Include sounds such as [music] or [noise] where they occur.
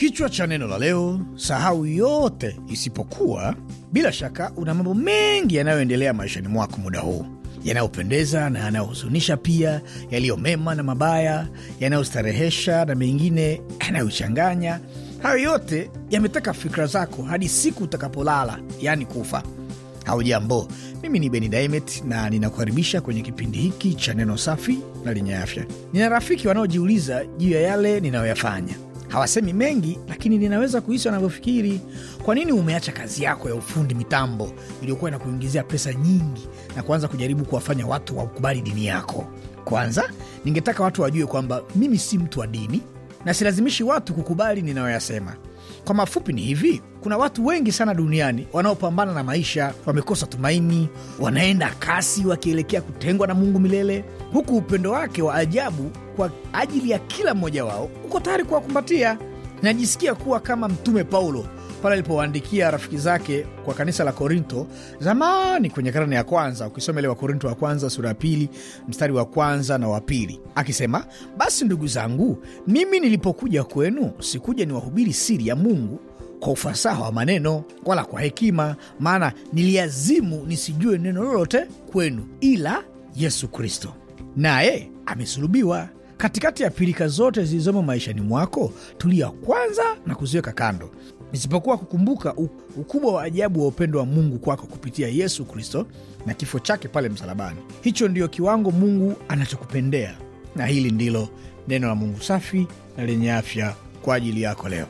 Kichwa cha neno la leo: sahau yote isipokuwa. Bila shaka una mambo mengi yanayoendelea maishani mwako muda huu, yanayopendeza na yanayohuzunisha pia, yaliyo mema na mabaya, yanayostarehesha na mengine [clears throat] yanayochanganya. Hayo yote yameteka fikra zako hadi siku utakapolala, yaani kufa. Haujambo, mimi ni Beni Daimet na ninakukaribisha kwenye kipindi hiki cha neno safi na lenye afya. Nina rafiki wanaojiuliza juu ya yale ninayoyafanya Hawasemi mengi, lakini ninaweza kuhisi wanavyofikiri. Kwa nini umeacha kazi yako ya ufundi mitambo iliyokuwa inakuingizia pesa nyingi na kuanza kujaribu kuwafanya watu ukubali dini yako? Kwanza, ningetaka watu wajue kwamba mimi si mtu wa dini na silazimishi watu kukubali ninayoyasema. Kwa mafupi ni hivi, kuna watu wengi sana duniani wanaopambana na maisha, wamekosa tumaini, wanaenda kasi wakielekea kutengwa na Mungu milele, huku upendo wake wa ajabu kwa ajili ya kila mmoja wao uko tayari kuwakumbatia. Najisikia kuwa kama Mtume Paulo pale alipowaandikia rafiki zake kwa kanisa la Korinto zamani kwenye karne ya kwanza. Ukisoma ile korinto wa kwanza sura ya pili mstari wa kwanza na wa pili, akisema basi ndugu zangu, mimi nilipokuja kwenu sikuja niwahubiri siri ya Mungu kwa ufasaha wa maneno wala kwa hekima, maana niliazimu nisijue neno lolote kwenu ila Yesu Kristo naye amesulubiwa. Katikati ya pirika zote zilizomo maishani mwako, tulia kwanza na kuziweka kando, Nisipokuwa kukumbuka ukubwa wa ajabu wa upendo wa Mungu kwako kupitia Yesu Kristo na kifo chake pale msalabani. Hicho ndiyo kiwango Mungu anachokupendea, na hili ndilo neno la Mungu safi na lenye afya kwa ajili yako leo.